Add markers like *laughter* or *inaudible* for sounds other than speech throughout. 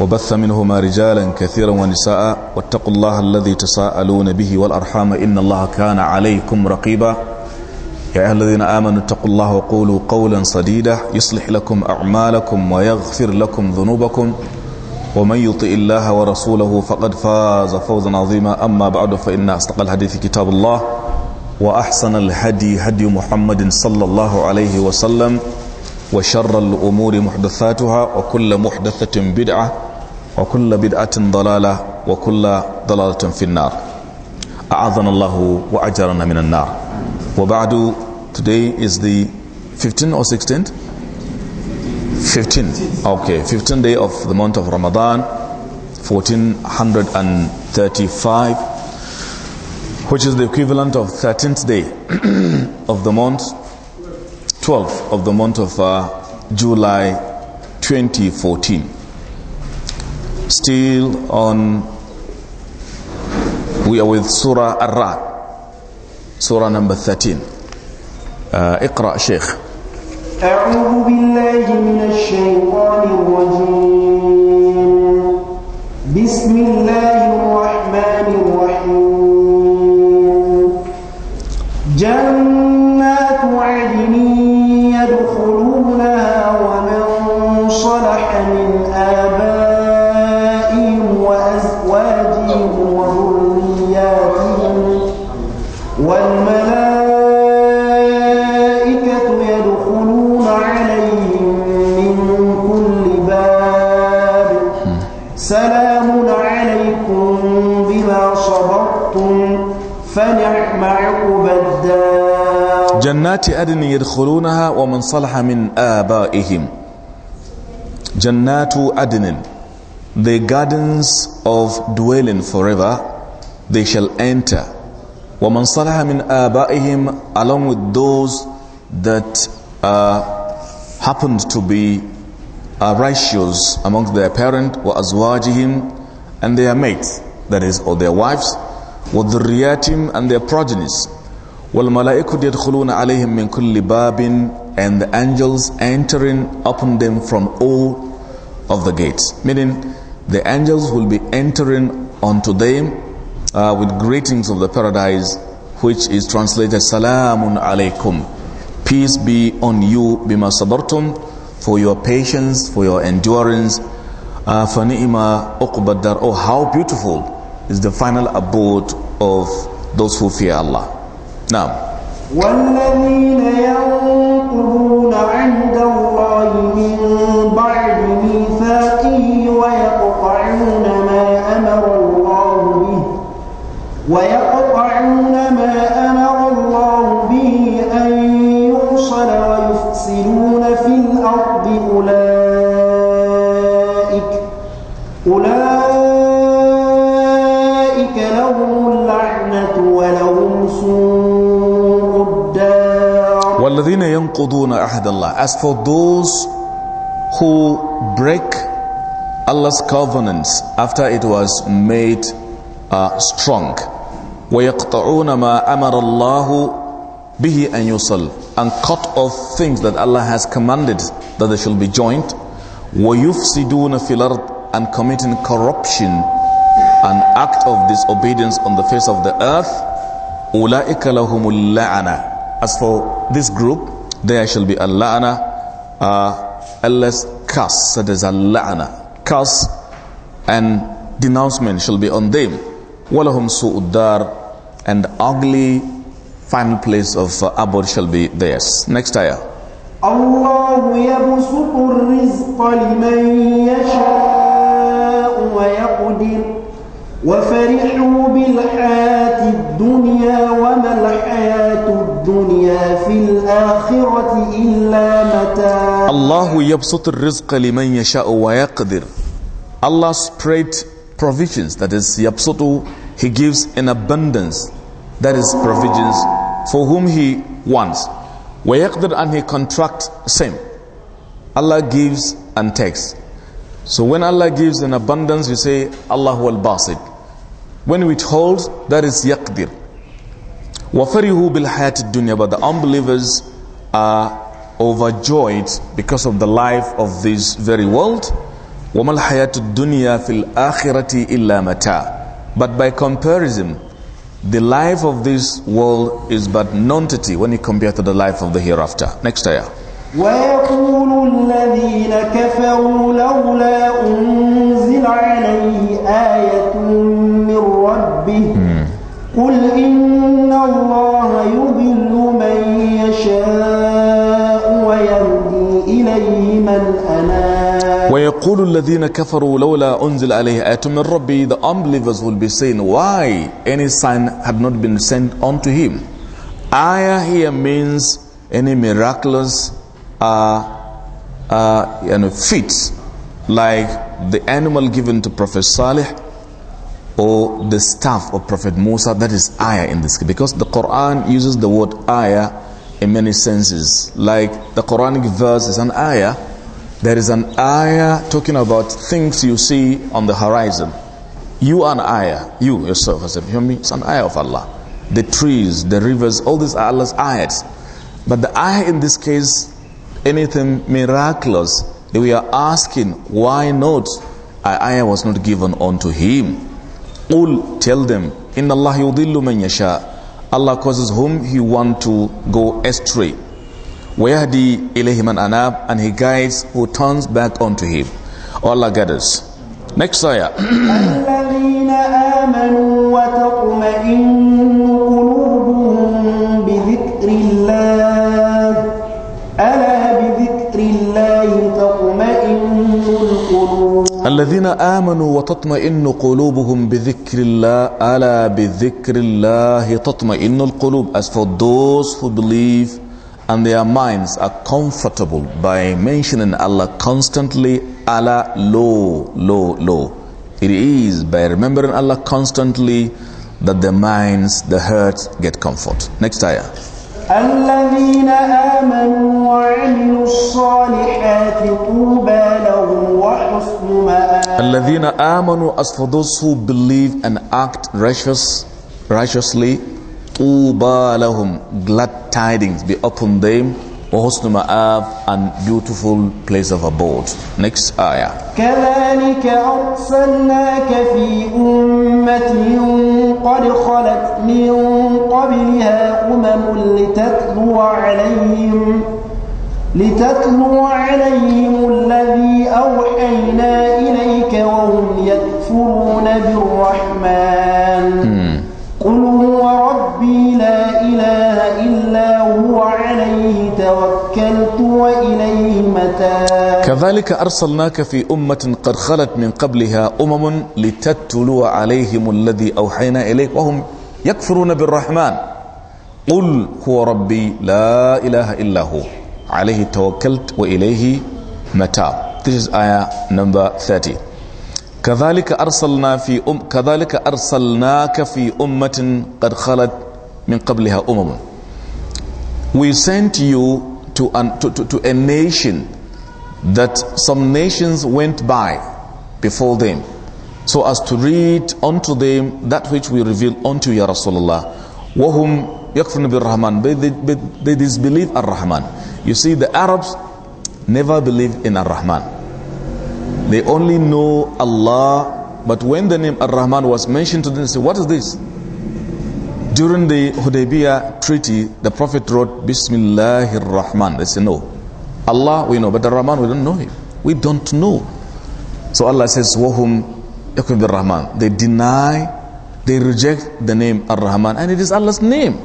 وبث منهما رجالا كثيرا ونساء واتقوا الله الذي تساءلون به والأرحام إن الله كان عليكم رقيبا يا أيها الذين آمنوا اتقوا الله وقولوا قولا صديدا يصلح لكم أعمالكم ويغفر لكم ذنوبكم ومن يطئ الله ورسوله فقد فاز فوزا عظيما أما بعد فإن أصدق الحديث كتاب الله وأحسن الهدي هدي محمد صلى الله عليه وسلم وشر الأمور محدثاتها وكل محدثة بدعة وكل بدعة ضلالة وكل ضلالة في النار أعاذنا الله وأجرنا من النار وبعد today is the 15th or 16th 15 okay 15th day of the month of Ramadan 1435 which is the equivalent of 13th day *clears throat* of the month 12th of the month of uh, July 2014 still on we are with surah ar-ra'd surah number 13 uh, اقرا شيخ اعوذ بالله من الشيطان الرجيم بسم الله الرحمن جنات عدن يدخلونها ومن صلح من آبائهم جنات the gardens of dwelling forever they shall enter ومن صلح من آبائهم along with those that uh, happened to be uh, righteous amongst their parent وأزواجهم and their mates that is or their wives وذرياتهم and their progenies وَالْمَلَائِكُ يَدْخُلُونَ عَلَيْهِمْ مِنْ كُلِّ بَابٍ And the angels entering upon them from all of the gates. Meaning, the angels will be entering unto them uh, with greetings of the paradise, which is translated, Salamun alaykum. Peace be on you, bima sabartum, for your patience, for your endurance. Uh, فَنِئِمَا أُقْبَدَّرْ Oh, how beautiful is the final abode of those who fear Allah. نعم والذين ينقضون عهد الله من بعد ميثاقه ويقطعون ما أمر الله به ويقطعون ما أمر الله به أن يوصل ويفسدون في الأرض أولئك أولئك وَالَّذِينَ يَنْقُضُونَ أَحْدَ اللَّهِ As for those who break Allah's covenants after it was made uh, strong. وَيَقْطَعُونَ مَا أَمَرَ اللَّهُ بِهِ أَنْ يُصَلْ And cut off things that Allah has commanded that they shall be joined. وَيُفْسِدُونَ فِي الْأَرْضِ And committing corruption, an act of disobedience on the face of the earth. أُولَئِكَ لَهُمُ اللَّعَنَةِ as for this group, there shall be a la'ana, uh, less curse, that is a la'ana. Curse and denouncement shall be on them. Walahum su'uddar, and ugly final place of uh, abode shall be theirs. Next ayah. الله يبسط الرزق لمن يشاء ويقدر وفرح الدنيا في الآخرة إلا متاع الله يبسط الرزق لمن يشاء ويقدر Allah spread provisions that is يبسط He gives in abundance that is provisions for whom He wants ويقدر and He contracts same Allah gives and takes so when Allah gives in abundance you say Allah al-Basid when withholds that is يقدر وَفَرِهُ بِالْحَيَاةِ dunya. But the unbelievers are overjoyed because of the life of this very world. وَمَا الْحَيَاةُ الدُّنْيَا فِي الْآخِرَةِ إِلَّا مَتَاعٌ But by comparison, the life of this world is but nonentity when you compare to the life of the hereafter. Next ayah. ويقول الذين كفروا لولا أنزل عليه آية من ربه قل إن الله يضل من يشاء ويهدي إليه من أناب ويقول الذين كفروا لولا أنزل عليه آية من ربي The unbelievers will be saying why any sign had not been sent unto him Ayah here means any miraculous uh, uh, you know, feats like the animal given to Prophet Salih or the staff of Prophet Musa, that is ayah in this case. Because the Quran uses the word ayah in many senses. Like the Quranic verse is an ayah. There is an ayah talking about things you see on the horizon. You are an ayah. You yourself, as a human being, it's an ayah of Allah. The trees, the rivers, all these are Allah's ayahs. But the ayah in this case, anything miraculous, we are asking why not? Ayah was not given unto him. All tell them, Inna Allah yudillu man yasha. Allah causes whom He want to go astray. Wayahdi ilayhi man anab, and He guides who turns back unto Him. Allah gathers. Next ayah. *clears throat* الذين آمنوا وتطمئن قلوبهم بذكر الله ألا بذكر الله تطمئن القلوب as for those who believe and their minds are comfortable by mentioning Allah constantly Allah low low low it is by remembering Allah constantly that their minds the hearts get comfort next ayah الذين آمنوا وعملوا الصالحات طوبى لهم وحسن مآب الذين آمنوا as for those who believe and act righteous, righteously طوبى لهم glad tidings be upon them وحسن مآب and beautiful place of abode. Next ayah. كذلك أرسلناك في أمة قد خلت من قبلها أمم لتتلو عليهم لتتلو عليهم الذي أوحينا إليك وهم يكفرون بالرحمن قل هو ربي لا توكلت وإليه متاب كذلك أرسلناك في أمة قد خلت من قبلها أمم لتتلو عليهم الذي أوحينا إليك وهم يكفرون بالرحمن قل هو ربي لا إله إلا هو عليه توكلت وإليه متاب This is ayah آية number 30 كذلك أرسلنا في أم كذلك أرسلناك في أمة قد خلت من قبلها أمم We sent you to, an, to, to, to a nation that some nations went by before them, so as to read unto them that which we reveal unto Ya Rasulullah. Wahum yakfurun bil Rahman. They disbelieve Ar Rahman. You see, the Arabs never believe in Ar Rahman. They only know Allah. But when the name Ar Rahman was mentioned to them, they say, What is this? During the Hudaybiyah treaty, the Prophet wrote, Bismillahir Rahman. They say No. Allah we know, but the Rahman we don't know him. We don't know. So Allah says, Wahum yakum Rahman. They deny, they reject the name Ar Rahman, and it is Allah's name.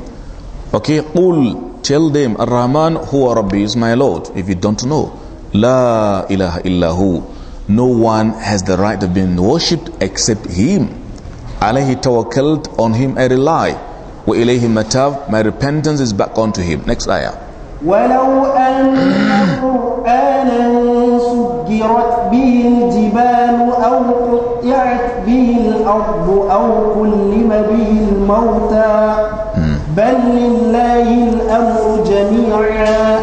Okay, Qul, tell them, Ar Rahman huwa Rabbi is my Lord. If you don't know, La ilaha illahu. No one has the right of being worshipped except Him. Alayhi tawakkalt, on Him I rely. وإليه متاب my repentance is back unto him next ayah ولو أن قرآنا سجرت به الجبال أو قطعت به الأرض أو كلم به الموتى hmm. بل لله الأمر جميعا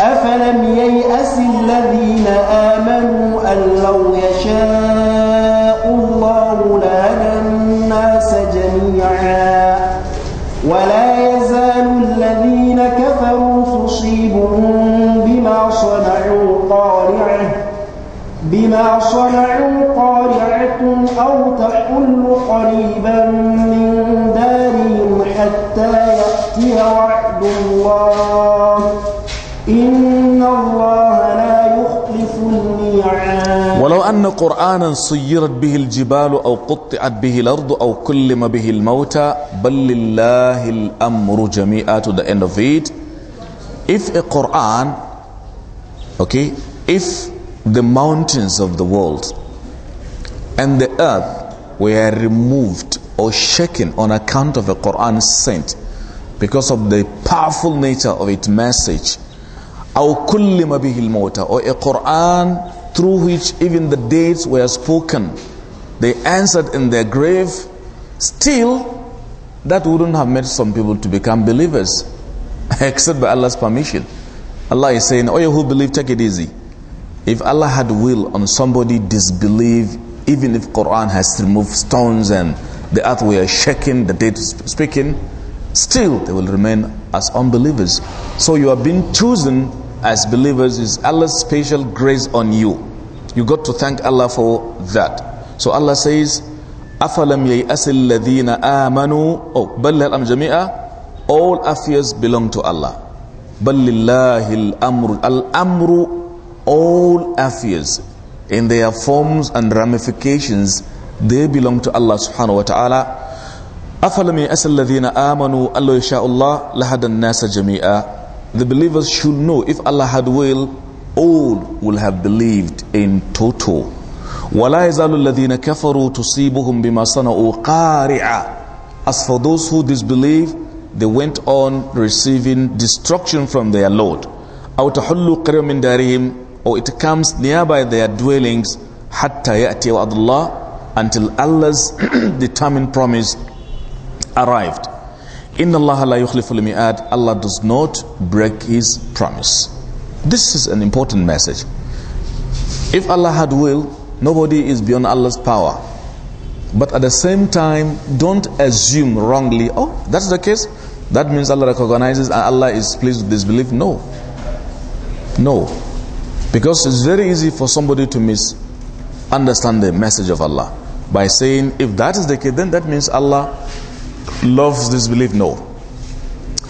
أفلم ييأس الذين آمنوا أن لو يشاء الله لهدى الناس جميعا بما صنعوا قارعة أو تحل قريبا من دارهم حتى يأتي وعد الله إن الله لا يخلف الميعاد ولو أن قرآنا صيرت به الجبال أو قطعت به الأرض أو كلم به الموتى بل لله الأمر جميعا to the end of it if a Quran okay if the mountains of the world and the earth were removed or shaken on account of the Quran sent because of the powerful nature of its message. أو به or a Quran through which even the dead were spoken. They answered in their grave. Still, that wouldn't have made some people to become believers *laughs* except by Allah's permission. Allah is saying, Oh, you who believe, take it easy. If Allah had will on somebody disbelieve, even if Quran has removed stones and the earth we are shaking, the dead speaking, still they will remain as unbelievers. So you have been chosen as believers is Allah's special grace on you. You got to thank Allah for that. So Allah says, أَفَلَمْ يَيْأَسِ الَّذِينَ آمَنُوا بَلْ الْأَمْ جَمِيعًا All affairs belong to Allah. بَلْ الْأَمْرُ الْأَمْرُ all affairs in their forms and ramifications they belong to Allah subhanahu wa ta'ala أَفَلَمْ يَأْسَ الَّذِينَ آمَنُوا أَلَّا يَشَاءُ اللَّهُ لَهَدَى النَّاسَ جَمِيعًا The believers should know if Allah had will, all will have believed in total. وَلَا يَزَالُ الَّذِينَ كَفَرُوا تُصِيبُهُمْ بِمَا صَنَعُوا قَارِعًا As for those who disbelieve, they went on receiving destruction from their Lord. أَوْ تَحُلُّ قَرِيَ مِنْ دَارِهِمْ or it comes nearby their dwellings hatta ya'ti Allah until Allah's *clears throat* determined promise arrived. Inna Allah la yukhliful mi'ad. Allah does not break his promise. This is an important message. If Allah had will, nobody is beyond Allah's power. But at the same time, don't assume wrongly, oh, that's the case. That means Allah recognizes and Allah is pleased with this belief. No. No. Because it's very easy for somebody to misunderstand the message of Allah by saying, if that is the case, then that means Allah loves this belief. No.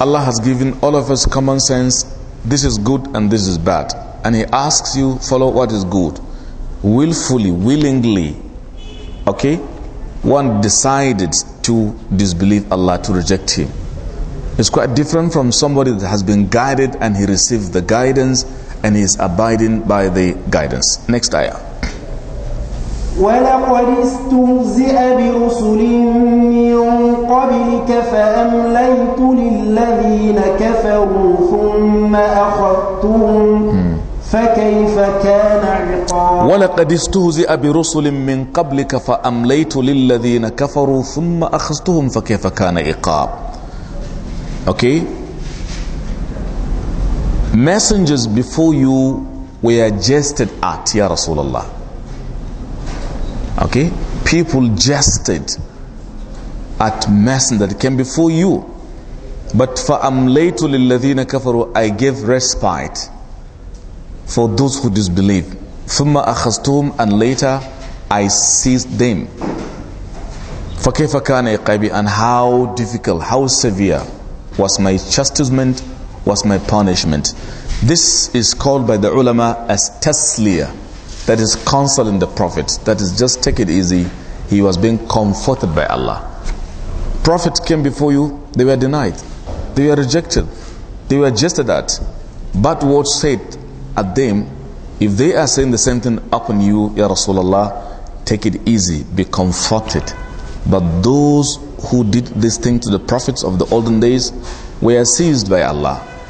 Allah has given all of us common sense. This is good and this is bad. And He asks you, follow what is good. Willfully, willingly. Okay? One decided to disbelieve Allah, to reject Him. It's quite different from somebody that has been guided and he received the guidance and he is abiding by the guidance. Next ayah. ولقد استهزئ برسل من قبلك فأمليت للذين كفروا ثم أخذتهم فكيف كان عقاب ولقد استهزئ برسل من قبلك فأمليت للذين كفروا ثم أخذتهم فكيف كان عقاب Okay messengers before you were jested at, Ya Rasulullah. Okay? People jested at messenger that came before you. But فَأَمْلَيْتُ لِلَّذِينَ كَفَرُوا I gave respite for those who disbelieve. ثُمَّ أَخَذْتُهُمْ And later I seized them. فَكَيْفَ كَانَ And how difficult, how severe was my chastisement was my punishment. This is called by the ulama as tasliya. That is consoling the Prophet. That is just take it easy. He was being comforted by Allah. Prophets came before you, they were denied. They were rejected. They were jested at. But what said at them, if they are saying the same thing upon you, Ya Rasulullah, take it easy, be comforted. But those who did this thing to the prophets of the olden days were seized by Allah.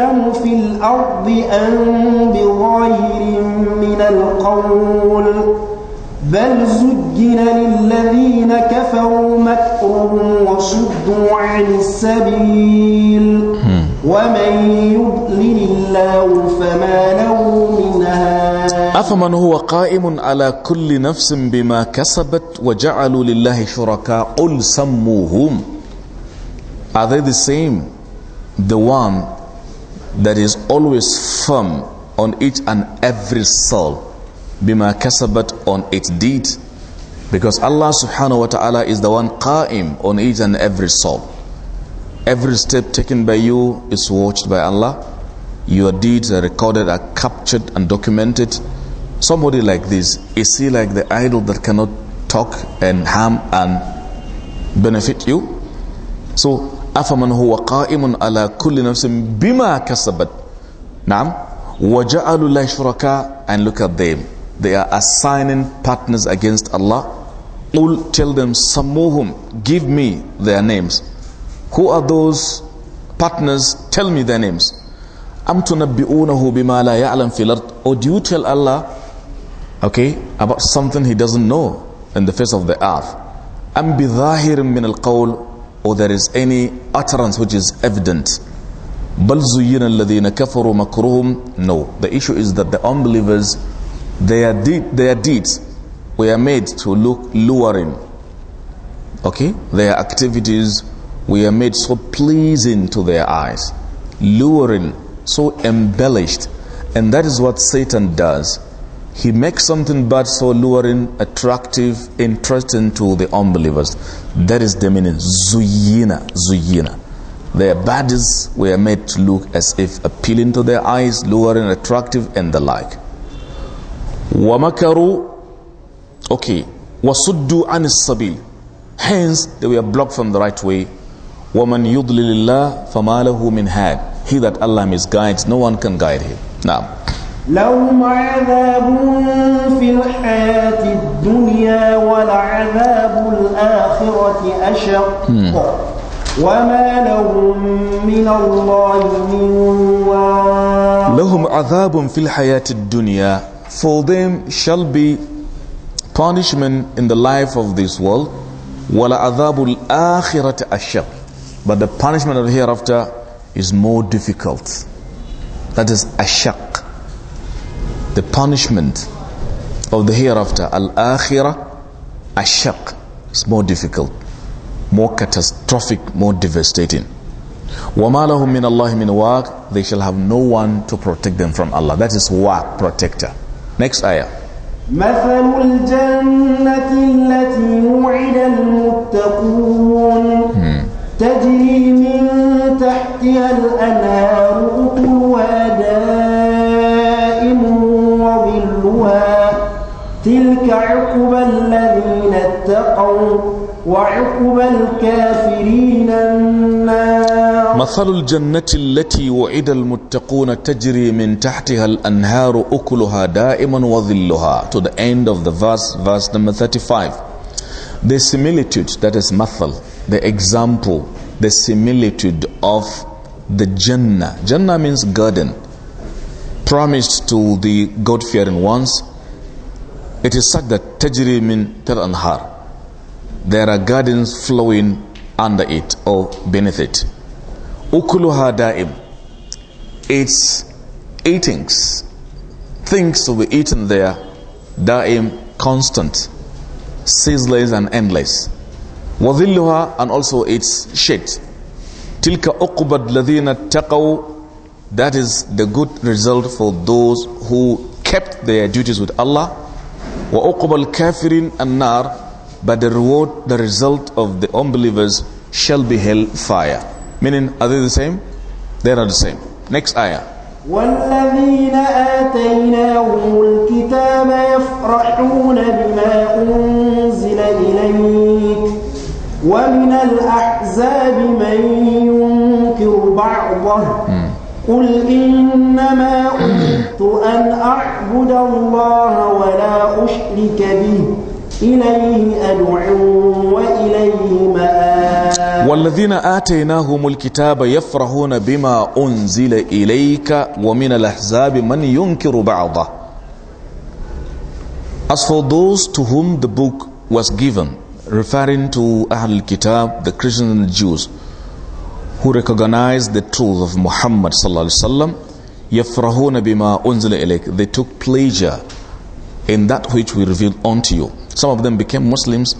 أعلم في الأرض أم بغير من القول بل زجن للذين كفروا مكرهم وشدوا عن السبيل ومن يضلل الله فما له من هاد أفمن هو قائم على كل نفس بما كسبت وجعلوا لله شركاء قل سموهم Are they the same? The one that is always firm on each and every soul bima kasabat on its deed because Allah subhanahu wa ta'ala is the one qa'im on each and every soul every step taken by you is watched by Allah your deeds are recorded are captured and documented somebody like this is he like the idol that cannot talk and harm and benefit you so أفمن هو قائم على كل نفس بما كسبت نعم وجعلوا الله شركاء and look at them they are assigning partners against Allah قل tell them سموهم give me their names who are those partners tell me their names أم تنبئونه بما لا يعلم في الأرض or do you tell Allah okay about something he doesn't know in the face of the earth أم بظاهر من القول or there is any utterance which is evident. No. The issue is that the unbelievers, their, deed, their deeds were made to look luring. Okay? Their activities were made so pleasing to their eyes. Luring, so embellished. And that is what Satan does. He makes something bad so luring, attractive, interesting to the unbelievers. That is the meaning. Zuyina, zuyina. Their bodies were made to look as if appealing to their eyes, luring, attractive, and the like. Wamakaru, okay, wasuddu anis sabil. Hence, they were blocked from the right way. Woman yudlilillah famalahu min had. He that Allah misguides, no one can guide him. Now, لهم عذاب في الحياة الدنيا ولعذاب الآخرة أشق hmm. وما لهم من الله من واق لهم عذاب في الحياة الدنيا For them shall be punishment in the life of this world ولا عذاب الْآخِرَةِ أَشَقُ But the punishment of the hereafter is more difficult. That is ashaq the punishment of the hereafter, al-akhirah, ashaq, is more difficult, more catastrophic, more devastating. وَمَا لَهُم مِّنَ اللَّهِ مِنْ وَاقٍ They shall have no one to protect them from Allah. That is waq, protector. Next ayah. مثل الجنة التي وعد المتقون تجري من تحتها الأنهار تلك عقبى الذين اتقوا وعقبى الكافرين النار مثل الجنة التي وعد المتقون تجري من تحتها الأنهار أكلها دائما وظلها to the end of the verse verse number 35 the similitude that is مثل the example the similitude of the Jannah Jannah means garden promised to the God-fearing ones It is such that Tajri min Tel Anhar. There are gardens flowing under it or beneath it. Ukuluha da'im. Its eatings, things will be eaten there, da'im, constant, ceaseless and endless. Wadhilluha and also its shade. Tilka uqbad ladhina taqaw. That is the good result for those who kept their duties with Allah وَأُقْبَ الْكَافِرِينَ النَّارِ But the reward, the result of the unbelievers shall be hell fire. Meaning, are they the same? They are the same. Next ayah. والذين آتيناهم الكتاب يفرحون بما أنزل إليك ومن الأحزاب من ينكر بعضه قل إنما أمرت أن أعبد الله ولا أشرك به إليه أدعو وإليه مآب والذين آتيناهم الكتاب يفرحون بما أنزل إليك ومن الأحزاب من ينكر بعضه As for those to whom the book was given, referring to Ahl al-Kitab, the Christians and Jews, who recognize the truth of Muhammad yafrahuna bima they took pleasure in that which we revealed unto you some of them became muslims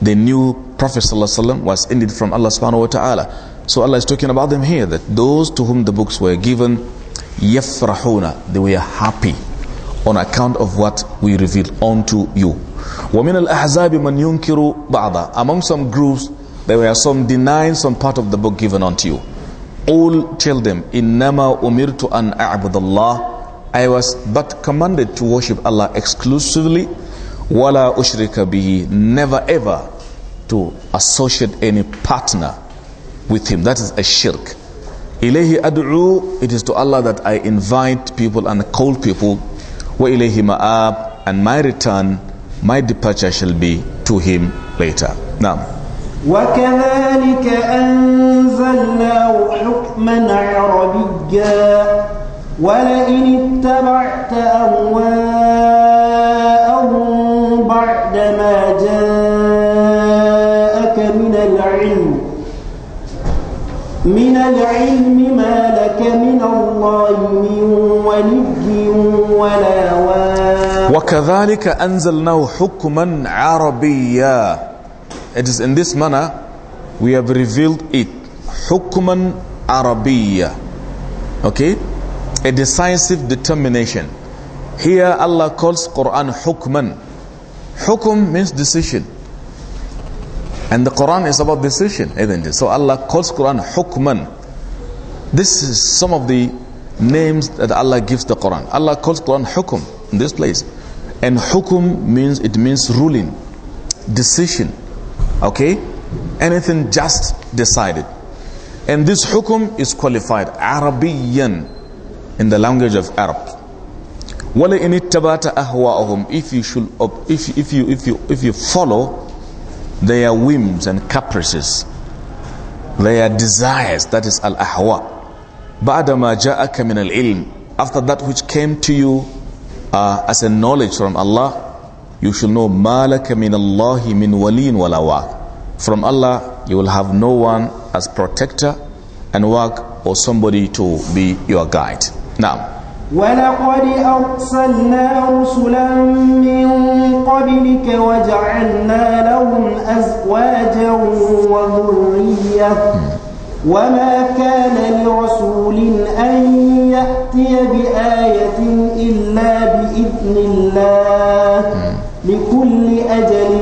they knew prophet was indeed from Allah subhanahu wa ta'ala so Allah is talking about them here that those to whom the books were given yafrahuna they were happy on account of what we revealed unto you ومن الأحزاب من yunkiru ba'da. among some groups there were some denying some part of the book given unto you. All tell them, Innama umirtu an a'budallah. I was but commanded to worship Allah exclusively. Wala ushrika bihi. Never ever to associate any partner with him. That is a shirk. Ilehi ad'u. It is to Allah that I invite people and call people. Wa ilayhi ma'ab. And my return, my departure shall be to him later. Now. وكذلك أنزلناه حكما عربيا ولئن اتبعت أهواءهم بعد ما جاءك من العلم من العلم ما لك من الله من ولي ولا واق وكذلك أنزلناه حكما عربيا It is in this manner we have revealed it. Hukman Arabiya. Okay? A decisive determination. Here Allah calls Quran Hukman. Hukum means decision. And the Quran is about decision, isn't it? So Allah calls Quran Hukman. This is some of the names that Allah gives the Quran. Allah calls Quran Hukum in this place. And Hukum means, it means ruling, decision. Okay? Anything just decided. And this hukum is qualified Arabian in the language of Arab. Wala in ittabata ahwa'uhum if you should if if you if you if you follow their whims and caprices their desires that is al ahwa ba'dama ja'aka min al ilm after that which came to you uh, as a knowledge from Allah you shall know malaka min Allah min waliin wala waq. From Allah you will have no one as protector and work or somebody to be your guide. Now. ولقد أرسلنا رسلا من قبلك وجعلنا لهم أزواجا وذرية وما كان لرسول أن يأتي بآية إلا بإذن الله لكل أجل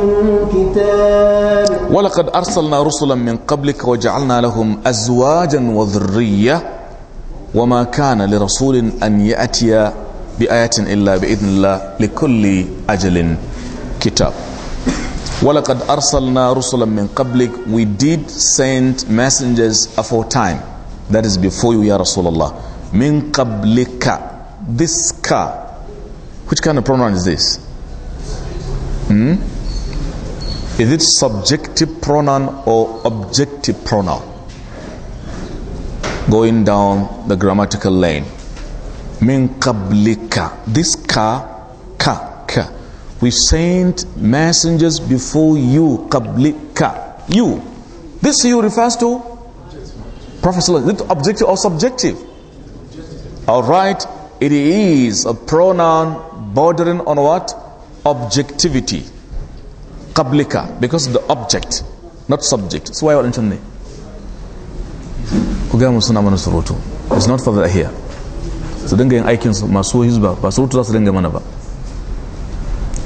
كتاب ولقد أرسلنا رسلا من قبلك وجعلنا لهم أزواجا وذرية وما كان لرسول أن يأتي بآية إلا بإذن الله لكل أجل كتاب ولقد أرسلنا رسلا من قبلك we did send messengers aforetime that is before you يا رسول الله من قبلك this ka which kind of pronoun is this Hmm? Is it subjective pronoun or objective pronoun? Going down the grammatical lane. Min kablika. This ka, ka, ka. We sent messengers before you. Kablika. You. This you refers to? Prophet Is it objective or subjective? All right. It is a pronoun bordering on what? objectivity qablika because of the object not subject so why wal intun ne ku ga mun suna mana surutu it's not for that here So dinga yin aikin su masu hizba ba surutu za su dinga mana ba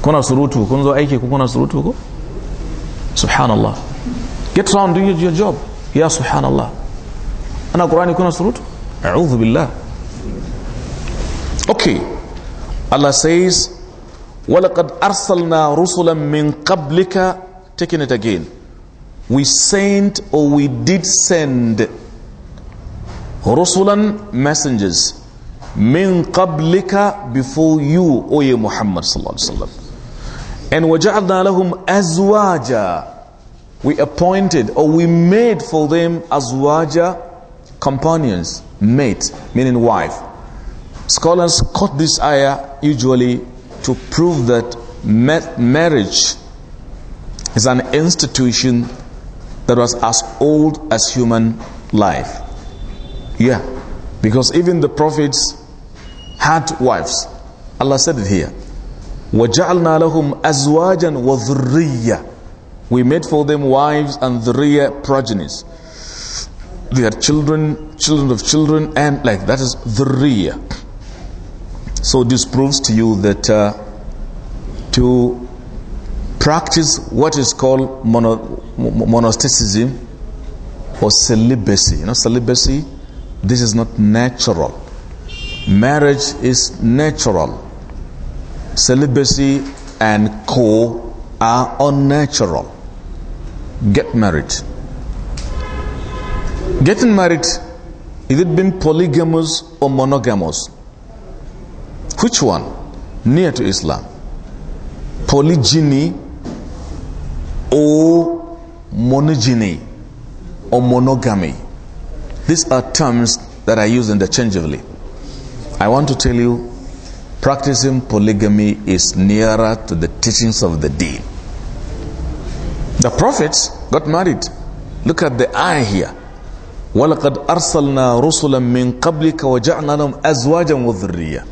kuna surutu kun zo aiki ku kuna surutu ko subhanallah get on, do your job ya subhanallah ana qur'ani kuna surutu a'udhu billah okay allah says وَلَقَدْ أَرْسَلْنَا رُسُلًا مِّن قَبْلِكَ Taking it again. We sent or we did send رُسُلًا messengers min قَبْلِكَ before you o ye muhammad الله عليه وسلم. and waja'alna lahum azwaja we appointed or we made for them azwaja companions mate meaning wife scholars quote this ayah usually to prove that marriage is an institution that was as old as human life. Yeah, because even the prophets had wives. Allah said it here. وَجَعَلْنَا لَهُمْ أَزْوَاجًا وَذُرِّيَّةً We made for them wives and dhurriya progenies. They are children, children of children, and like that is dhurriya. So this proves to you that uh, to practice what is called mono, monasticism or celibacy. You know, celibacy, this is not natural. Marriage is natural. Celibacy and co are unnatural. Get married. Getting married, is it being polygamous or monogamous? Which one? Near to Islam. Polygyny or monogyny or monogamy. These are terms that are used interchangeably. I want to tell you, practicing polygamy is nearer to the teachings of the deen. The prophets got married. Look at the eye here. وَلَقَدْ أَرْسَلْنَا رُسُلًا مِّن قَبْلِكَ وَجَعْنَا لَهُمْ أَزْوَاجًا وَذُرِّيَّةً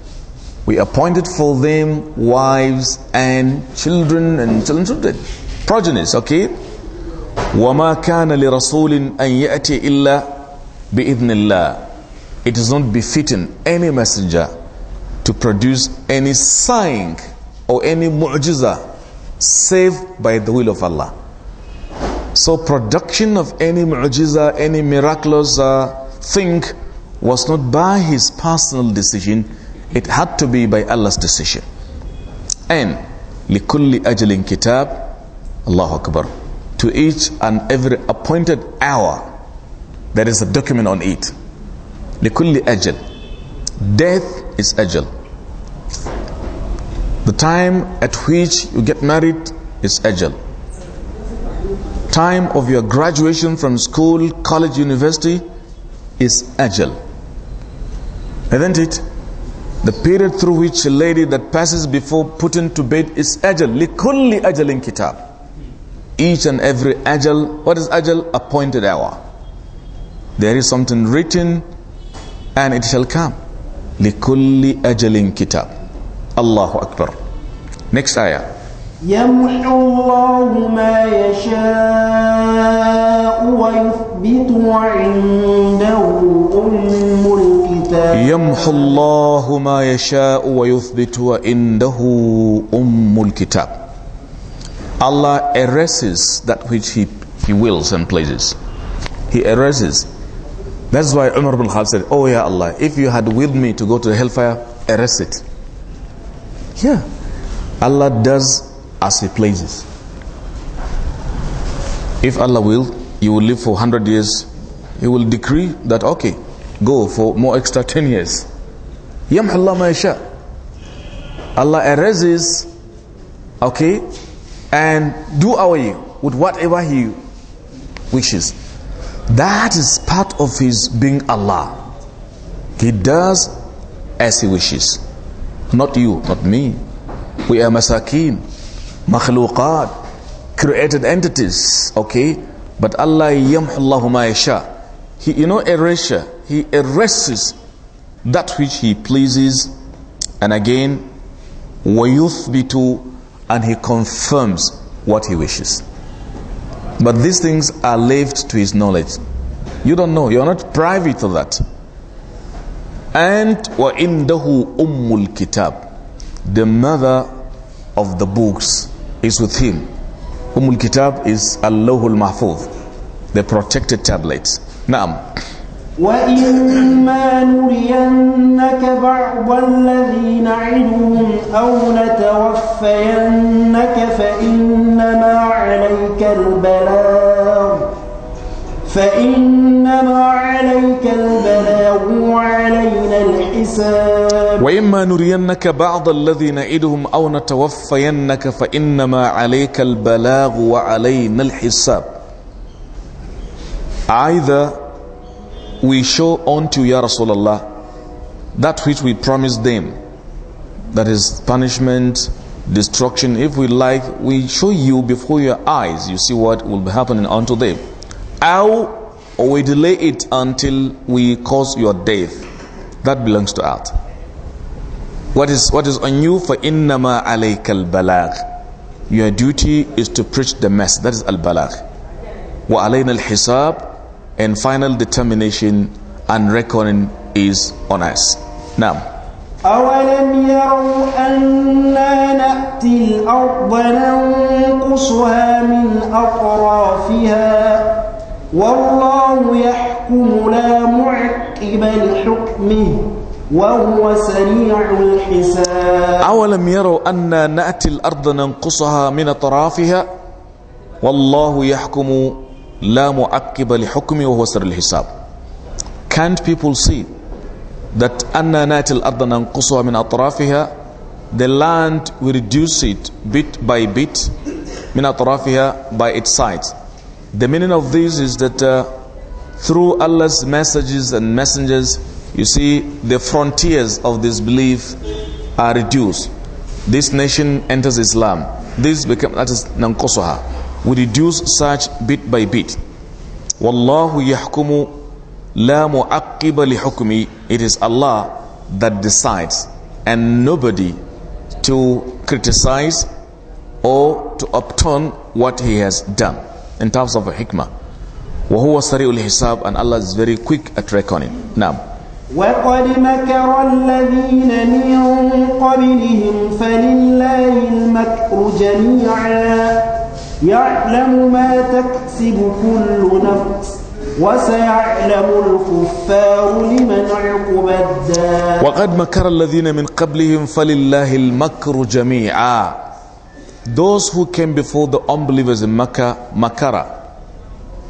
we appointed for them wives and children and children, progenies, okay? وَمَا كَانَ لِرَسُولٍ أَنْ يَأْتِي إِلَّا بِإِذْنِ اللَّهِ It is not befitting any messenger to produce any sign or any mu'jiza save by the will of Allah. So production of any mu'jiza, any miraculous uh, thing was not by his personal decision, it had to be by Allah's decision. And لِكُلِّ أَجْلٍ kitab, Allah Akbar. To each and every appointed hour, there is a document on it. لِكُلِّ أَجْل Death is ajal. The time at which you get married is ajal. Time of your graduation from school, college, university is ajal. Isn't it? The period through which a lady that passes before putting to bed is ajal. ajal in kitab. Each and every ajal. What is ajal? Appointed hour. There is something written and it shall come. ajal in kitab. Allahu Akbar. Next ayah. يمحو الله ما يشاء ويثبت وعنده أم الكتاب Allah erases that which he, he wills and pleases. He erases. That's why Umar ibn Khattab said, Oh, yeah, Allah, if you had willed me to go to the hellfire, erase it. Yeah. Allah does as he pleases. If Allah will, you will live for 100 years. He will decree that, okay, go for more extra 10 years. Yamhullah maisha. Allah erases, okay, and do away with whatever He wishes. That is part of His being Allah. He does as He wishes. Not you, not me. We are masakin, makhluqat, created entities, okay? But Allah yamhullahu ma yasha. He, you know, erasure he erases that which he pleases and again وَيُثْبِتُ and he confirms what he wishes. But these things are left to his knowledge. You don't know. You're not privy to that. And وَإِنْدَهُ ummul kitab, The mother of the books is with him. Ummul Kitab is Allahul Mahfuz, the protected tablets. Naam. وإما نرينك بعض الذي نعدهم أو نتوفينك فإنما عليك البلاغ فإنما عليك البلاغ وعلينا الحساب وإما نرينك بعض الذي نعدهم أو نتوفينك فإنما عليك البلاغ وعلينا الحساب Either we show unto Ya Rasulullah that which we promised them. That is punishment, destruction. If we like, we show you before your eyes. You see what will be happening unto them. How or we delay it until we cause your death. That belongs to us. What is what is on you for innama alaykal balagh. Your duty is to preach the mess. That is al balagh. Wa alayna al hisab and final determination and reckoning is on us. Now. أولم يروا أنا نأتي الأرض ننقصها من أطرافها والله يحكم لا معقب لحكمه وهو سريع الحساب أولم يروا أنا نأتي الأرض ننقصها من أطرافها والله يحكم لا معقب وهو سر الحساب Can't people see that أن natal الأرض ننقصها من أطرافها The land we reduce it bit by bit من أطرافها by its sides The meaning of this is that uh, through Allah's messages and messengers you see the frontiers of this belief are reduced this nation enters Islam this becomes that is nankosoha we reduce such bit by bit. Wallahu yahkumu la mu'aqqiba li hukmi. It is Allah that decides and nobody to criticize or to upturn what he has done in terms of hikmah. وهو سريع hisab, and Allah is very quick at reckoning. Now. وقد مكر الذين من قبلهم فلله المكر جميعا يعلم ما تكسب كل نفس وسيعلم الكفار لمن عقب الدار وقد مكر الذين من قبلهم فلله المكر جميعا Those who came before the unbelievers in Makkah, Makara,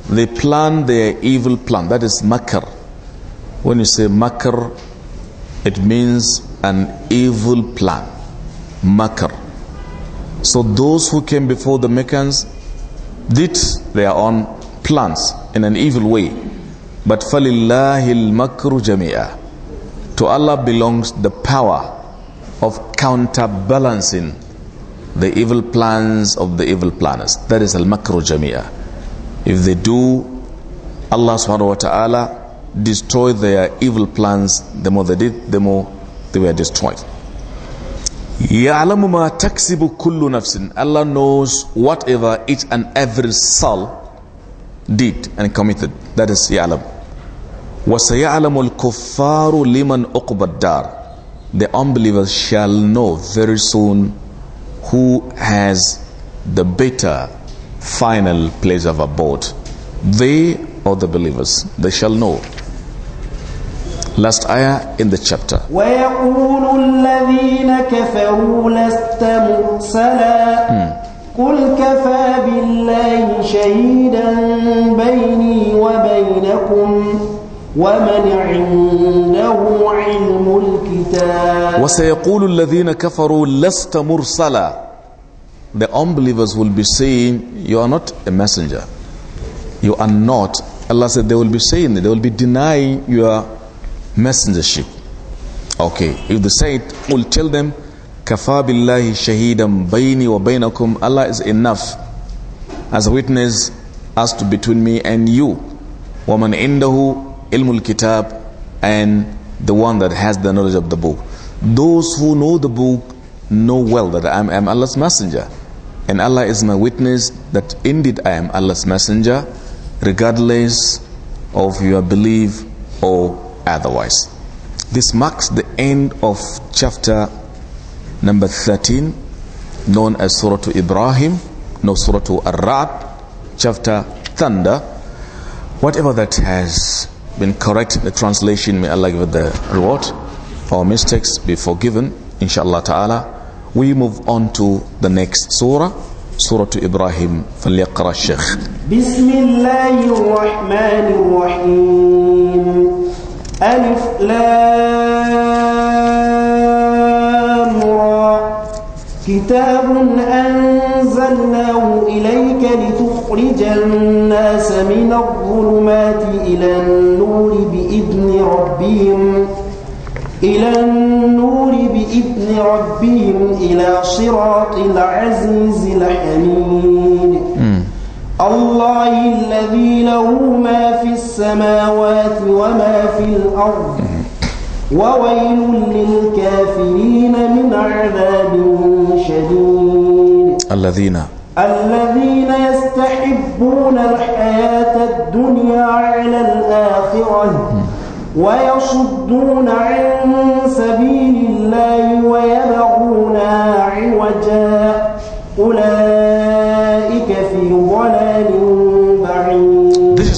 they planned their evil plan. That is Makar. When you say Makar, it means an evil plan. Makar. So those who came before the Meccans did their own plans in an evil way. But فَلِلَّهِ الْمَكْرُ جَمِيعًا To Allah belongs the power of counterbalancing the evil plans of the evil planners. That is al-makru jamia. If they do, Allah subhanahu wa ta'ala destroy their evil plans. The more they did, the more they were destroyed. يَعْلَمُ مَا تَكْسِبُ كُلُّ nafsin. Allah knows whatever each and every soul did and committed. That is يَعْلَمُ. وَسَيَعْلَمُ الْكُفَّارُ لِمَنْ أُقْبَ الدَّارِ The unbelievers shall know very soon who has the better final place of abode. They or the believers, they shall know last ayah in the chapter ويقول الذين كفروا لست مرسلا hmm. قل كفى بالله شهيدا بيني وبينكم ومن عنده علم الكتاب وسيقول الذين كفروا لست مرسلا The unbelievers will be saying, you are not a messenger. You are not. Allah said they will be saying, they will be denying your messengership. Okay, if they say it, will tell them, Kafa billahi shahidam baini wa bainakum, Allah is enough as a witness as to between me and you. the indahu ilmul kitab and the one that has the knowledge of the book. Those who know the book know well that I am Allah's messenger. And Allah is my witness that indeed I am Allah's messenger, regardless of your belief or otherwise. This marks the end of chapter number 13, known as Surah to Ibrahim, no Surah to Arad, chapter Thunder. Whatever that has been correct, the translation, may Allah give it the reward. Our mistakes be forgiven, inshallah ta'ala. We move on to the next surah, سورة إبراهيم فليقرأ الشيخ بسم الله الرحمن الرحيم ألف لام را كتاب أنزلناه إليك لتخرج الناس من الظلمات إلى النور بإذن ربهم إلى النور بإذن ربهم إلى صراط العزيز الحميد الله الذي له ما في السماوات وما في الأرض وويل للكافرين من عذاب شديد الذين الذين يستحبون الحياة الدنيا على الآخرة ويصدون عن سبيل الله ويبغونها عوجا أولئك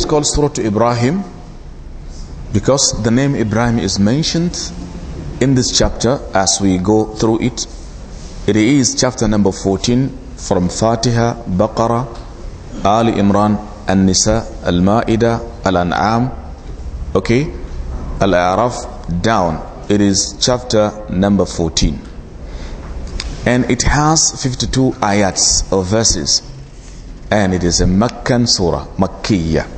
called Surah to Ibrahim? Because the name Ibrahim is mentioned in this chapter as we go through it. It is chapter number 14 from Fatiha, Baqarah, Ali Imran, An-Nisa, Al-Ma'idah, Al-An'am, okay, Al-A'raf, down. It is chapter number 14. And it has 52 ayats or verses. And it is a Meccan surah, Makkiyah.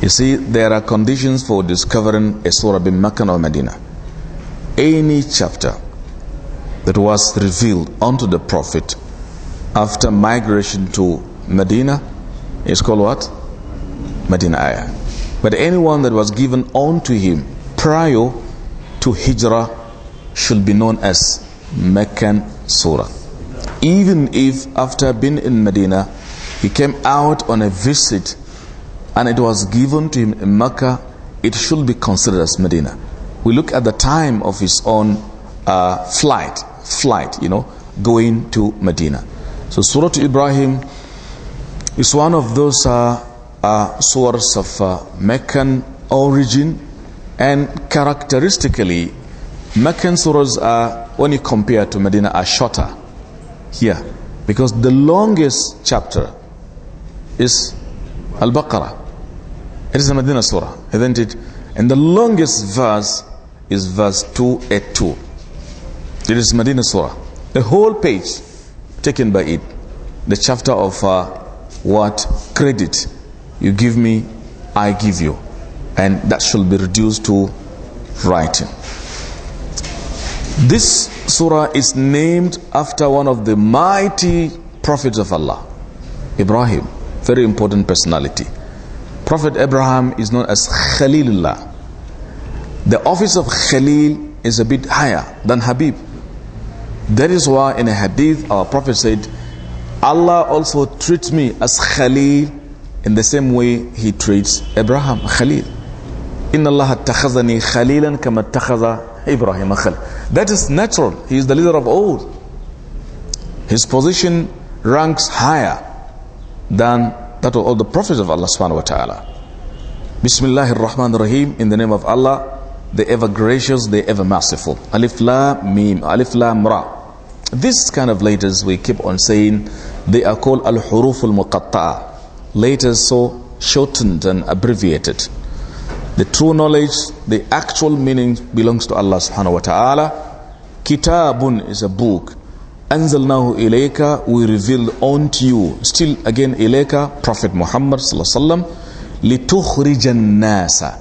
You see, there are conditions for discovering a surah in Mecca or Medina. Any chapter that was revealed unto the Prophet after migration to Medina is called what? Medina ayah. But anyone that was given unto him prior to Hijrah should be known as Meccan Surah. Even if after being in Medina, he came out on a visit and it was given to him in Mecca, it should be considered as Medina. We look at the time of his own uh, flight, flight, you know, going to Medina. So Surah Ibrahim is one of those uh, uh, surahs of uh, Meccan origin and characteristically Meccan surahs are, when you compare to Medina, are shorter here because the longest chapter is Al-Baqarah. It is a Medina surah, isn't it? And the longest verse is verse 282. It is Medina surah. The whole page taken by it. The chapter of uh, what? Credit. You give me, I give you. And that should be reduced to writing. This surah is named after one of the mighty prophets of Allah, Ibrahim. Very important personality. Prophet Abraham is known as Khalilullah. The office of Khalil is a bit higher than Habib. That is why in a hadith our Prophet said, Allah also treats me as Khalil in the same way he treats Abraham, Khalil. إِنَّ اللَّهَ اتَّخَذَنِي خَلِيلًا kama اتَّخَذَ إِبْرَاهِيمَ خَلِيلًا That is natural. He is the leader of all. His position ranks higher than that were all the prophets of Allah subhanahu wa ta'ala. rahman Rahmanir Rahim, in the name of Allah, the ever gracious, the ever merciful. Alif Lam Mim, Alif Lam Ra. This kind of letters we keep on saying, they are called Al-Huruf Al-Muqatta'a. Letters so shortened and abbreviated. The true knowledge, the actual meaning belongs to Allah subhanahu wa ta'ala. Kitabun is a book anzalnahu ilayka we revealed unto you still again ilayka prophet muhammad sallallahu litukhrijan nasa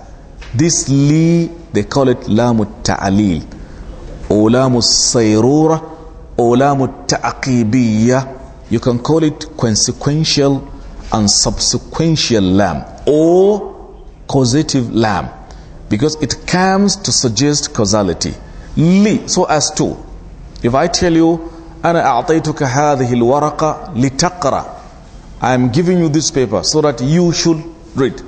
this li they call it lamut ta'lil or lamut sayrura or lamut you can call it consequential and subsequential lam or causative lam because it comes to suggest causality li so as to if i tell you I am giving you this paper so that you should read.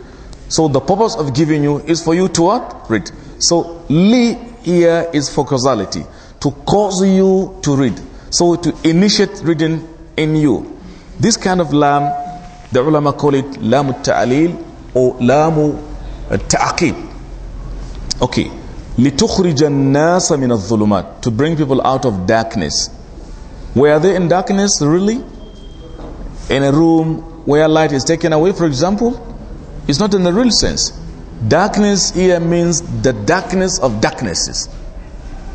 So the purpose of giving you is for you to what? Read. So li here is for causality, to cause you to read. So to initiate reading in you. This kind of lam, the ulama call it lamu ta'alil or lamu ta'aqib. Okay. لِتُخْرِجَ النَّاسَ مِنَ الظُّلُمَاتِ To bring people out of darkness. Were they in darkness really? In a room where light is taken away, for example? It's not in the real sense. Darkness here means the darkness of darknesses.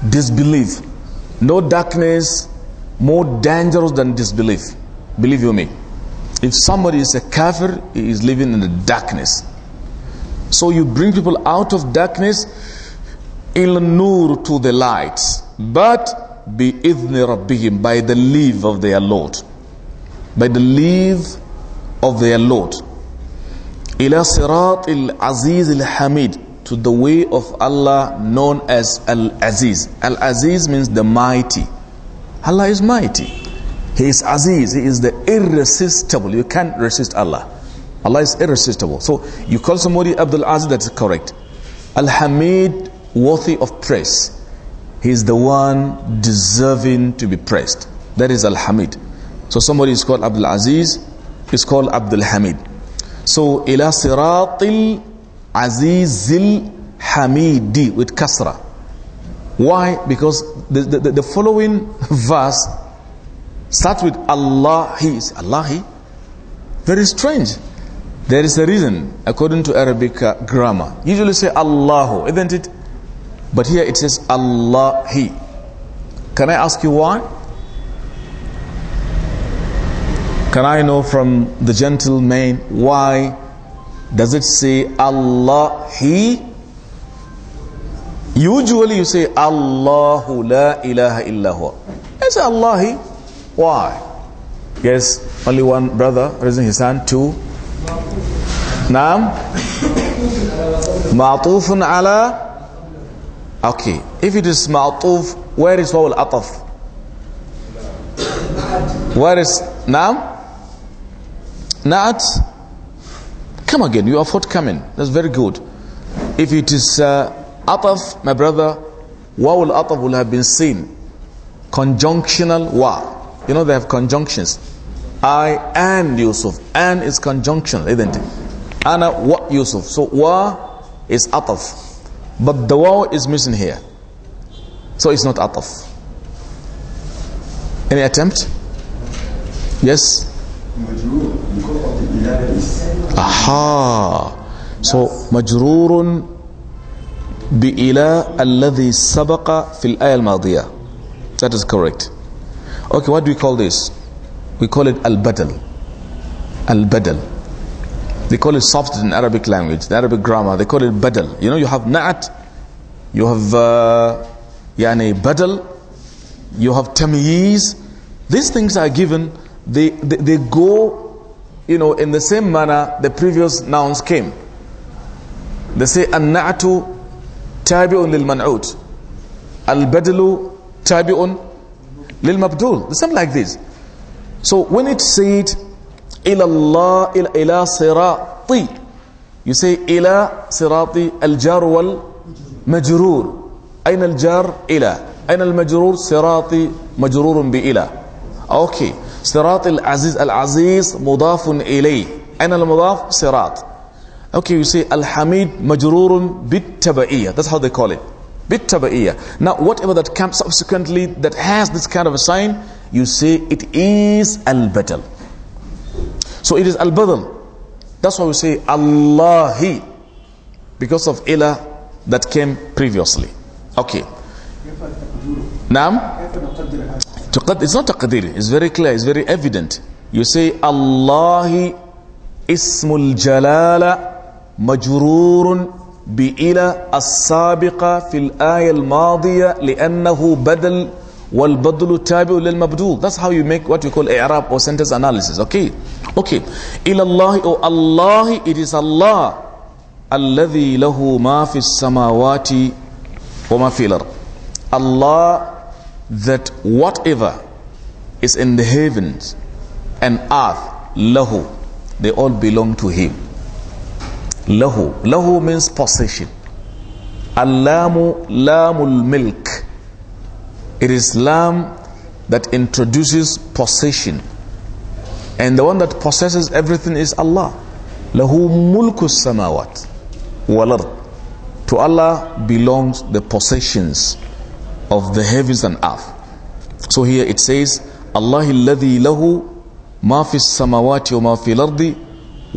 Disbelief. No darkness more dangerous than disbelief. Believe you me. If somebody is a kafir, he is living in the darkness. So you bring people out of darkness, il nur to the light. But بِإِذْنِ rabbihim By the leave of their Lord. By the leave of their Lord. al Aziz al Hamid To the way of Allah known as Al-Aziz. Al-Aziz means the mighty. Allah is mighty. He is Aziz. He is the irresistible. You can't resist Allah. Allah is irresistible. So you call somebody Abdul Aziz, that's correct. Al Hamid, worthy of praise. He is the one deserving to be praised. That is Al Hamid. So somebody is called Abdul Aziz, is called Abdul Hamid. So ila siratil azizil hamidi with kasra. Why? Because the, the, the following verse starts with Allah He is Allah He. Very strange. There is a reason according to Arabic uh, grammar. Usually say Allahu, isn't it? But here it says Allah He. Can I ask you why? Can I know from the gentleman why does it say Allah He? Usually you say Allahu la ilaha illahu. I say Allah He. Why? Yes, only one brother raising his hand. Two. Naam. Ma'tufun ala Okay. If it is ma'atuf, where is waw Where is now? Na'at? Come again. You are forthcoming. That's very good. If it is uh, ataf, my brother, waw ataf will have been seen. Conjunctional wa. You know they have conjunctions. I and Yusuf. And is conjunction, isn't it? Ana wa Yusuf. So wa is ataf. But the waw is missing here. So it's not ataf. Any attempt? Yes? Aha. So majrurun مجرور بإلى الذي سبق fil al-malzia. الماضية. That is correct. Okay, what do we call this? We call it al-badal. Al-badal. They call it soft in Arabic language, the Arabic grammar. They call it badal. You know, you have na'at, you have uh, yani badal, you have tamiz. These things are given, they, they, they go, you know, in the same manner the previous nouns came. They say, an-na'atu tabi'un lil-man'ut. Al-badalu tabi'un lil-mabdul. Something like this. So when it said, إلى الله إلى إلى صراطي you say إلى صراطي الجار والمجرور أين الجار إلى أين المجرور صراطي مجرور بإلى أوكي صراط العزيز العزيز مضاف إليه أين المضاف صراط أوكي you say الحميد مجرور بالتبعية that's how they call it بالتبعية now whatever that comes subsequently that has this kind of a sign you say it is البدل So it is al-badal. That's why we say Allahi because of ilah that came previously. Okay. Naam? It's not taqdir. It's very clear. It's very evident. You say Allahi ismul jalala majrurun بإلى السابقة al الآية li لأنه بدل والبدل تابع للمبدول that's how you make what you call اعراب or sentence analysis okay okay إلى الله او الله it is الله الذي له ما في السماوات وما في الأرض Allah that whatever is in the heavens and earth له they all belong to him lahu lahu means possession اللام لام الملك It is Lam that introduces possession. And the one that possesses everything is Allah. Lahu mulku samawat wal To Allah belongs the possessions of the heavens and earth. So here it says, Allah alladhi lahu ما في السماوات وما في الأرض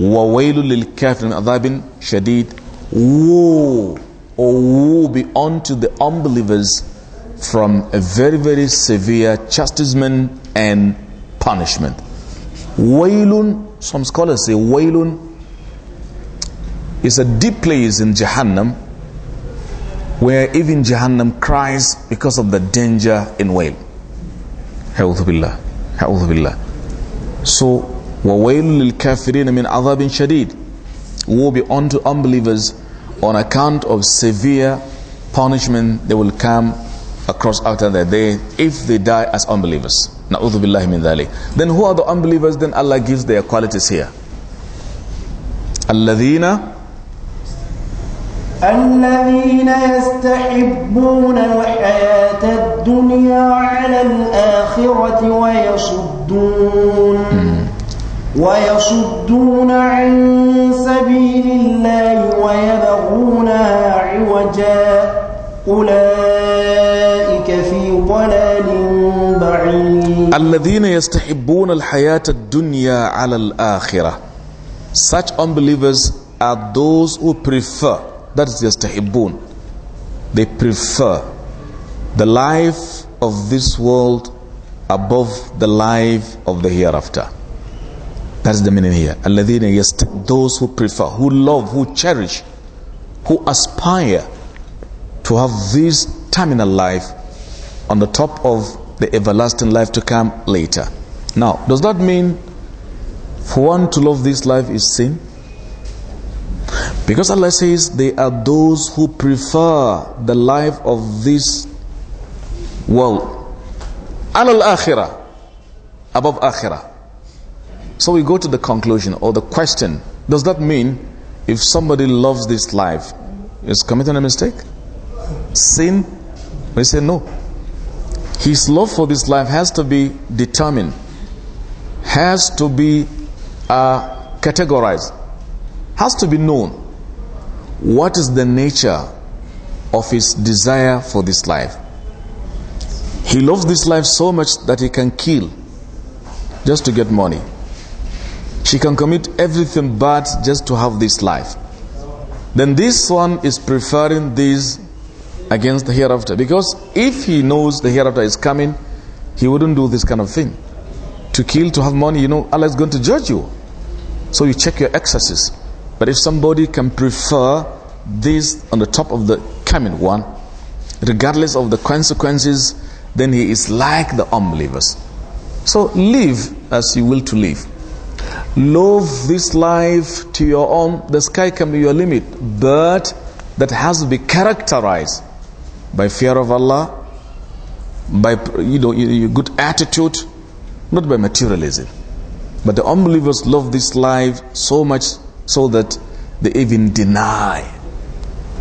وويل للكافر من عذاب شديد woe O, woe be unto the unbelievers from a very, very severe chastisement and punishment. Waylun, some scholars say Waylun is a deep place in Jahannam where even Jahannam cries because of the danger in wail. billah. billah. So, وَوَيْلٌ لِلْكَافِرِينَ مِنْ عَذَابٍ شَدِيدٍ Woe be unto unbelievers on account of severe punishment that will come across after their day if they die as unbelievers. Na'udhu billahi min dhalik. Then who are the unbelievers? Then Allah gives their qualities here. الَّذِينَ الذين يستحبون الحياة الدنيا على الآخرة ويصدون ويصدون عن سبيل الله ويبغونها عوجا أولئك الذين يستحبون الحياة الدنيا على الآخرة Such unbelievers are those who prefer that is يستحبون they prefer the life of this world above the life of the hereafter. That's the meaning here. Alladhina yast those who prefer, who love, who cherish, who aspire to have this terminal life on the top of the everlasting life to come later. Now, does that mean for one to love this life is sin? Because Allah says they are those who prefer the life of this world. Al akhirah, above akhirah. So we go to the conclusion or the question does that mean if somebody loves this life, is committing a mistake? Sin? We say no his love for this life has to be determined, has to be uh, categorized, has to be known. What is the nature of his desire for this life? He loves this life so much that he can kill just to get money. She can commit everything bad just to have this life. Then this one is preferring this against the hereafter. Because if he knows the hereafter is coming, he wouldn't do this kind of thing. To kill, to have money, you know, Allah is going to judge you. So you check your excesses. But if somebody can prefer this on the top of the coming one, regardless of the consequences, then he is like the unbelievers. So live as you will to live. Love this life to your own. The sky can be your limit, but that has to be characterized by fear of Allah, by you know good attitude, not by materialism. But the unbelievers love this life so much so that they even deny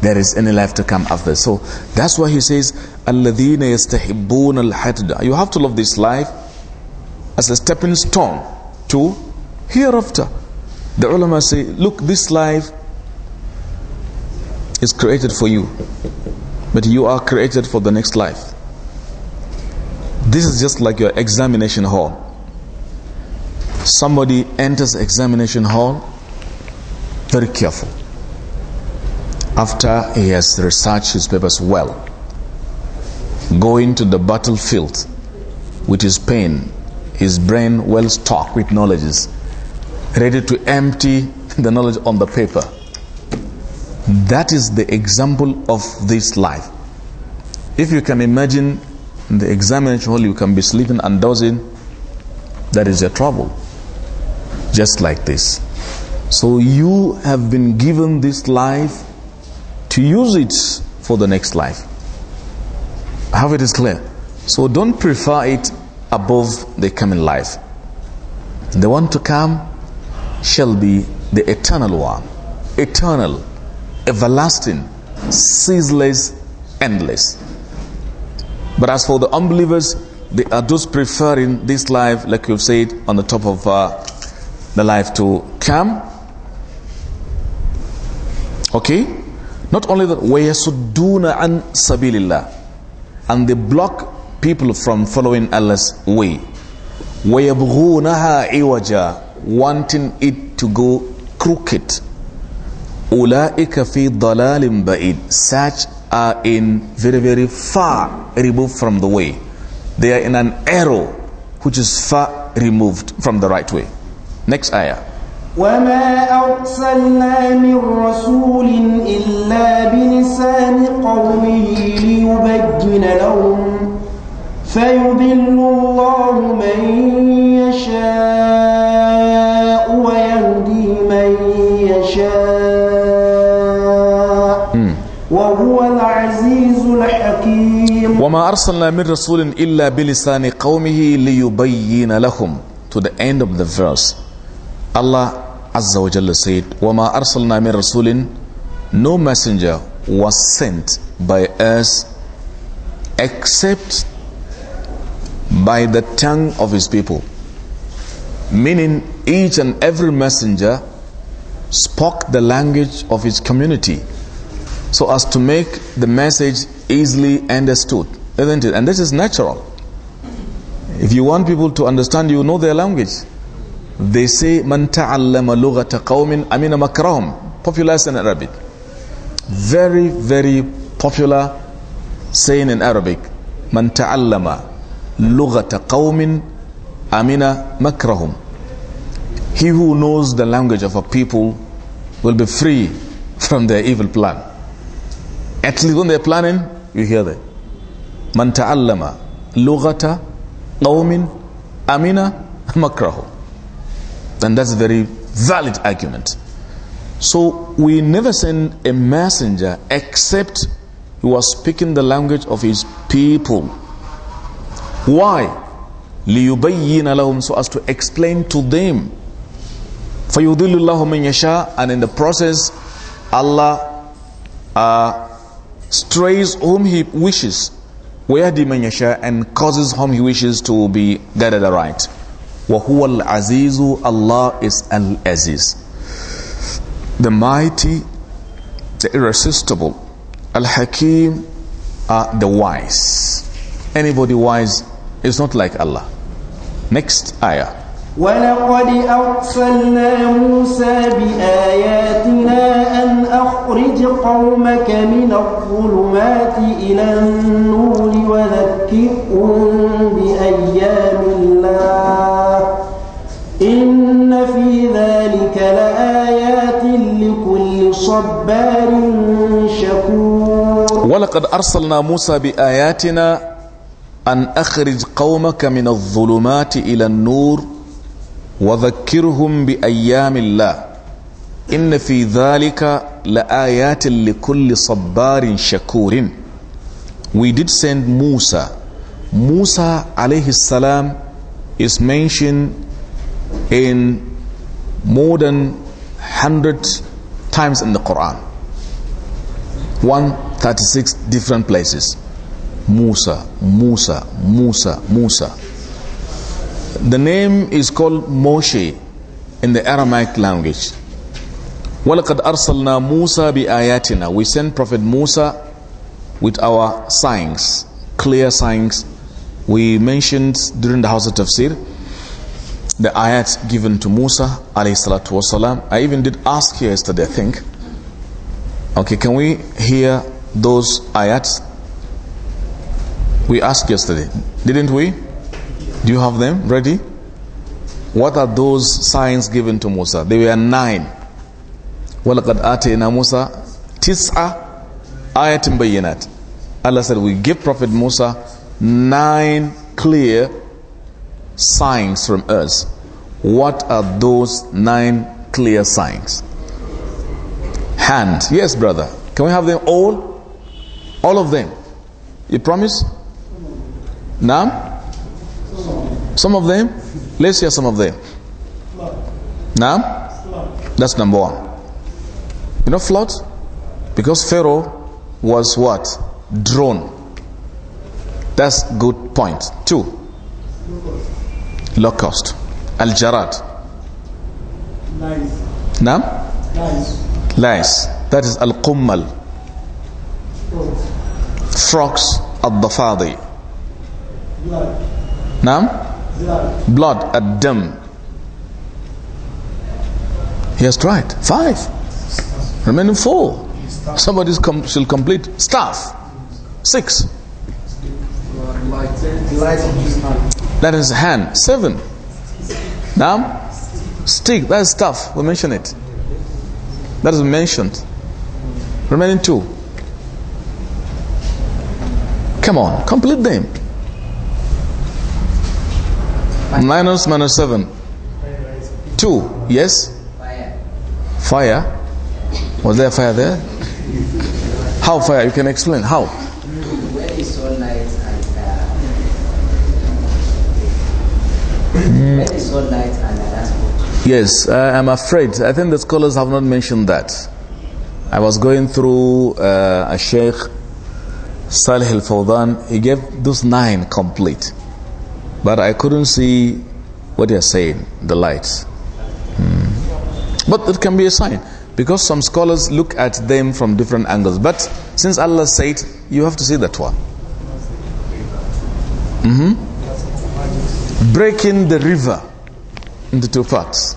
there is any life to come after. So that's why he says, "Alladina yastahibbun al-hadda." You have to love this life as a stepping stone to hereafter. The ulama say, "Look, this life is created for you." But you are created for the next life. This is just like your examination hall. Somebody enters examination hall very careful. After he has researched his papers well, going to the battlefield with his pen, his brain well stocked with knowledges, ready to empty *laughs* the knowledge on the paper. That is the example of this life. If you can imagine in the examination hall, you can be sleeping and dozing, that is your trouble. Just like this. So you have been given this life to use it for the next life. I hope it is clear. So don't prefer it above the coming life. The one to come shall be the eternal one. Eternal everlasting, ceaseless, endless. But as for the unbelievers, they are those preferring this life, like you've said, on the top of uh, the life to come. Okay? Not only that, وَيَسُدُّونَ عَنْ سَبِيلِ And they block people from following Allah's way. وَيَبْغُونَهَا عِوَجًا Wanting it to go crooked. Ula'ika fi dalalim ba'id. Such are in very, very far removed from the way. They are in an arrow which is far removed from the right way. Next ayah. وما أرسلنا من رسول إلا بلسان قومه ليبين لهم فيضل الله من يشاء وَمَا أَرْسَلْنَا مِنْ رَسُولٍ إِلَّا بِلِسَانِ قَوْمِهِ لِيُبَيِّنَ لَهُمْ To the end of the verse, Allah Azza wa Jalla said, وَمَا أَرْسَلْنَا مِنْ رَسُولٍ No messenger was sent by us except by the tongue of his people. Meaning each and every messenger spoke the language of his community so as to make the message easily understood, isn't it? And this is natural. If you want people to understand, you know their language. They say, "Man ta'allama lughata qawmin amina makrahum." Popular in Arabic. Very, very popular saying in Arabic. "Man ta'allama lughata qawmin amina makrahum." He who knows the language of a people will be free from their evil plan. At least when they're planning, you hear that. Man ta'allama lughata qawmin amina makrahu. And that's a very valid argument. So we never send a messenger except he was speaking the language of his people. Why? لِيُبَيِّنَ لَهُمْ So as to explain to them. فَيُضِلُّ اللَّهُ مَنْ يَشَاء And in the process, Allah uh, strays whom he wishes وَيَهْدِي مَنْ and causes whom he wishes to be guided aright وَهُوَ الْعَزِيزُ Allah is Al-Aziz the mighty the irresistible Al-Hakim are the wise anybody wise is not like Allah next ayah ولقد أرسلنا موسى بآياتنا قومك من الظلمات إلى النور وذكرهم بأيام الله إن في ذلك لآيات لكل صبار شكور ولقد أرسلنا موسى بآياتنا أن أخرج قومك من الظلمات إلى النور وذكرهم بأيام الله إن في ذلك لآيات kulli صبار شكور We did send Musa. Musa alayhi salam is mentioned in more than 100 times in the Quran. 136 different places. Musa, Musa, Musa, Musa. The name is called Moshe in the Aramaic language. وَلَقَدْ أَرْسَلْنَا مُوسَى بِآيَاتِنَا We sent Prophet Musa with our signs, clear signs. We mentioned during the House of Tafsir the ayat given to Musa alayhi salatu wasalam. I even did ask here yesterday, I think. Okay, can we hear those ayats? We asked yesterday, didn't we? Do you have them ready? What are those signs given to Musa? They were nine. وَلَقَدْ آتَيْنَا مُوسَى Allah said, we give Prophet Musa nine clear signs from us. What are those nine clear signs? Hand. Yes, brother. Can we have them all? All of them. You promise? Now? Some of them? Let's hear some of them. Now? That's number one. You know flood? Because Pharaoh was what? Drone. That's good point. Two. Locust. Al Jarad. Lice. Nam? Lice. Lice. That is Al Qummal. Frogs. Al Dafadi. Blood. Nam? Blood. Blood. Ad He has tried. Five remaining four. Somebody com shall complete staff. Six. That is hand. Seven. Now, stick. That is staff. We mention it. That is mentioned. Remaining two. Come on, complete them. Minus minus seven. Two. Yes. Fire. Was there fire there? How fire? You can explain. How? Yes, I am afraid. I think the scholars have not mentioned that. I was going through uh, a sheikh, Salih al-Fawdan. He gave those nine complete. But I couldn't see what they are saying, the lights. Hmm. But it can be a sign. Because some scholars look at them from different angles. But since Allah said, you have to see that one. Mm -hmm. Breaking the river into two parts.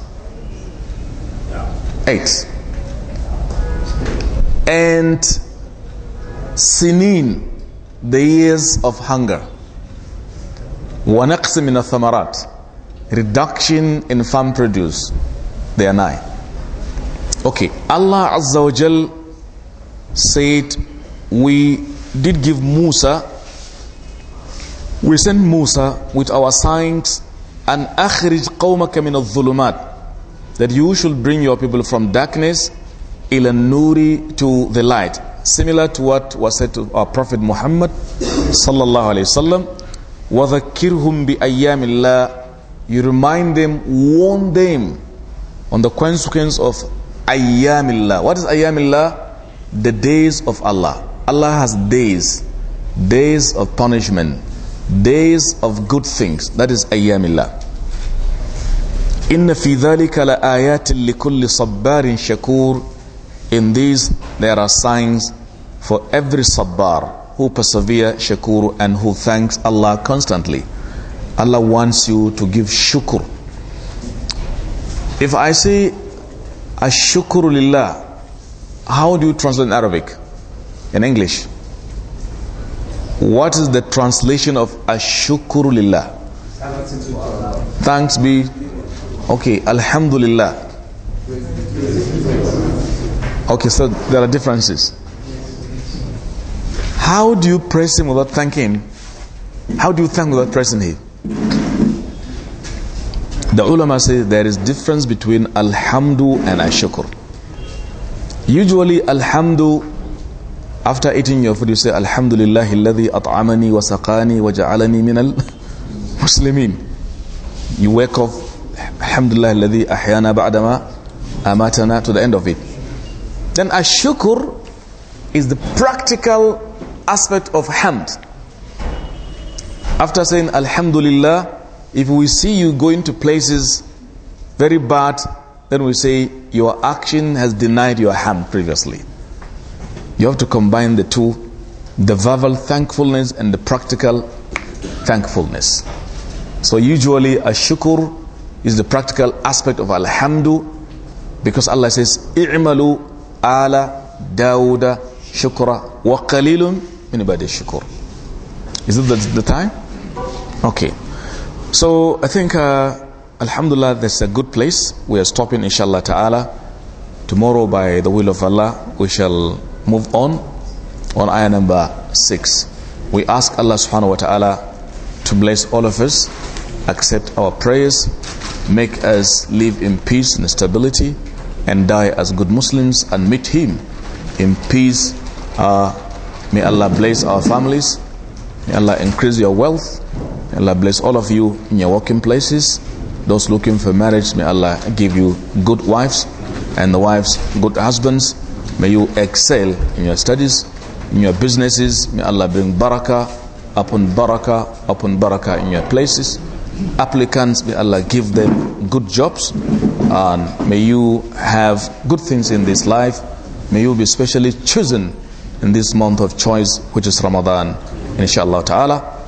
Eight. And sinin, the years of hunger. وَنَقْسِ مِنَ Reduction in farm produce. They are nine. Okay, Allah Azza wa Jal said, We did give Musa, we sent Musa with our signs and akhrij qawmaka min al-zulumat that you should bring your people from darkness ila nuri to the light similar to what was said to our prophet Muhammad sallallahu alaihi wasallam wa dhakkirhum bi ayyamillah you remind them warn them on the consequence of ayyamillah. What is ayyamillah? The days of Allah. Allah has days, days of punishment, days of good things. That is ayyamillah. Inna fi dhalika la ayatin likulli sabbarin shakur. In these there are signs for every sabbar who persevere shakur and who thanks Allah constantly. Allah wants you to give shukur. If I say Ashukuru lillah. How do you translate in Arabic? In English? What is the translation of Ashukuru lillah? Thanks be. Okay, Alhamdulillah. Okay, so there are differences. How do you praise him without thanking? How do you thank without praising him? The ulama say there is difference between alhamdu and ashukur. Usually alhamdu after eating your food you say alhamdulillah alladhi at'amani wa saqani wa ja'alani min al *laughs* muslimin. You wake up alhamdulillah alladhi ahyana ba'dama amatana to the end of it. Then ashukur is the practical aspect of hamd. After saying alhamdulillah if we see you going to places very bad, then we say your action has denied your hand previously. You have to combine the two, the verbal thankfulness and the practical thankfulness. So usually a shukur is the practical aspect of alhamdu because Allah says i'malu ala dawuda shukra wa qalilun min ibadi shukur. Is it the, the time? Okay. So I think, uh, Alhamdulillah, is a good place. We are stopping, inshallah ta'ala. Tomorrow, by the will of Allah, we shall move on on ayah number 6. We ask Allah subhanahu wa ta'ala to bless all of us, accept our prayers, make us live in peace and stability, and die as good Muslims and meet Him in peace. Uh, may Allah bless our families. May Allah increase your wealth. Allah bless all of you in your working places. Those looking for marriage, may Allah give you good wives and the wives good husbands. May you excel in your studies, in your businesses. May Allah bring barakah upon barakah upon barakah in your places. Applicants, may Allah give them good jobs. And may you have good things in this life. May you be specially chosen in this month of choice, which is Ramadan. Inshallah ta'ala.